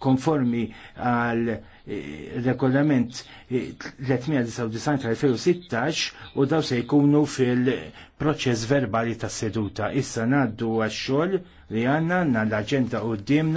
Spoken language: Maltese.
konformi għal eh, regolament 399 eh, tal-2016 u daw se jkunu fil-proċess verbali tas seduta. Issa naddu għax-xogħol li għanna l-aġenda u